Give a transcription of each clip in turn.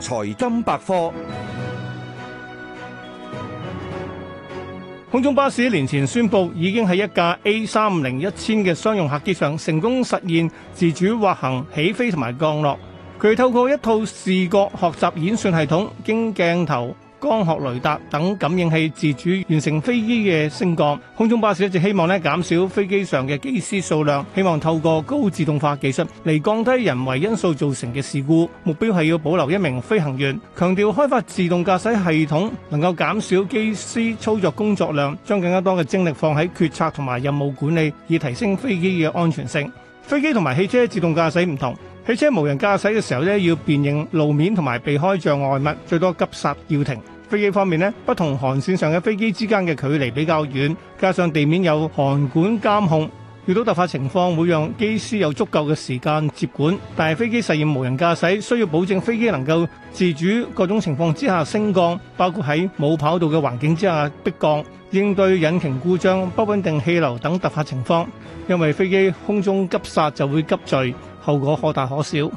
財金百科，空中巴士年前宣布，已經喺一架 A 三五零一千嘅商用客機上成功實現自主滑行、起飛同埋降落。佢透過一套視覺學習演算系統，經鏡頭，光學雷達等感應器自主完成飛機嘅升降。空中巴士一直希望減少飛機上嘅機師數量，希望透過高自動化技術，嚟降低人為因素造成嘅事故。目標係要保留一名飛行員，強調開發自動駕駛系統，能夠減少機師操作工作量，將更加多嘅精力放喺決策同埋任務管理，以提升飛機嘅安全性。飛機同埋汽車自動駕駛唔同。汽車無人駕駛嘅時候，要辨認路面同埋避開障礙物，最多急殺要停。飛機方面咧，不同航線上嘅飛機之間嘅距離比較遠，加上地面有航管監控，遇到突發情況會讓機師有足夠嘅時間接管。但係飛機實驗無人駕駛，需要保證飛機能夠自主各種情況之下升降，包括喺冇跑道嘅環境之下迫降，應對引擎故障、不穩定氣流等突發情況。因為飛機空中急剎就會急墜，後果可大可小。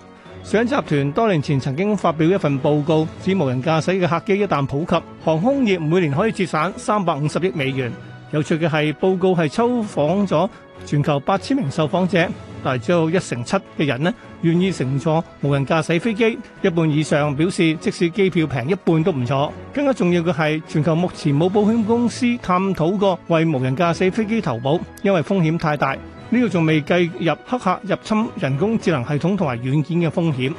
上集團多年前曾經發表一份報告，指無人駕駛嘅客機一旦普及，航空業每年可以節省三百五十億美元。有趣嘅係，報告係抽訪咗全球八千名受訪者。但係只有一成七嘅人呢，願意乘坐無人駕駛飛機，一半以上表示即使機票平一半都唔坐。更加重要嘅係，全球目前冇保險公司探討過為無人駕駛飛機投保，因為風險太大。呢度仲未計入黑客入侵人工智能系統同埋軟件嘅風險。